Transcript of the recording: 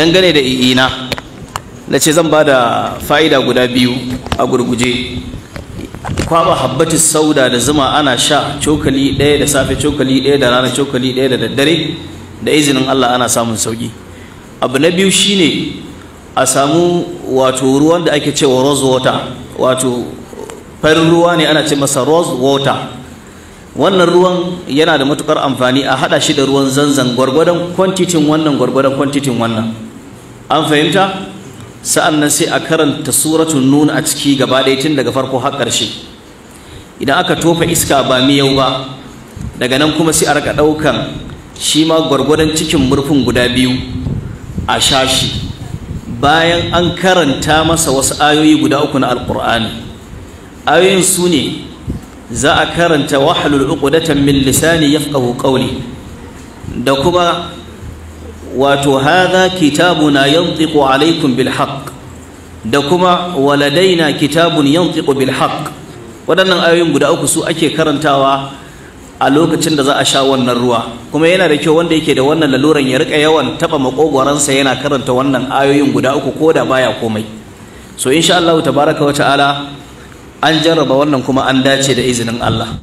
dangane da i'ina na ce zan ba da fa'ida guda biyu a gurguje kwaba habbatu sauda da zuma ana sha cokali ɗaya da safe cokali ɗaya da rana cokali ɗaya da daddare da izinin Allah ana samun sauki abu na biyu shine a samu wato ruwan da ake cewa rose water wato farin ruwa ne ana ce masa rose water wannan ruwan yana da matukar amfani a hada shi da ruwan zanzan gwargwadon kwantitin wannan gwargwadon kwantitin wannan an fahimta sa'an nan sai a karanta suratun nuna a ciki gaba ɗaya tun daga farko har ƙarshe idan aka tofa iska ba yau ba daga nan kuma sai a raka ɗaukan shi ma gwargwadon cikin murfin guda biyu a shashi bayan an karanta masa wasu ayoyi guda uku na alƙur'ani ayoyin su ne za a karanta wahalul uqdatan min lisani yafqahu qawli da kuma wato hadha kitabuna yantiqu alaikum bil haqq da kuma waladaina kitabun yantiqu bil haqq waɗannan ayoyin guda uku su ake karantawa a lokacin da za a sha wannan ruwa kuma yana da kyau wanda yake da wannan laluran ya rika yawan taba makogoransa yana karanta wannan ayoyin guda uku ko da baya komai so insha Allah tabaraka wa ta'ala an jarraba wannan kuma an dace da izinin Allah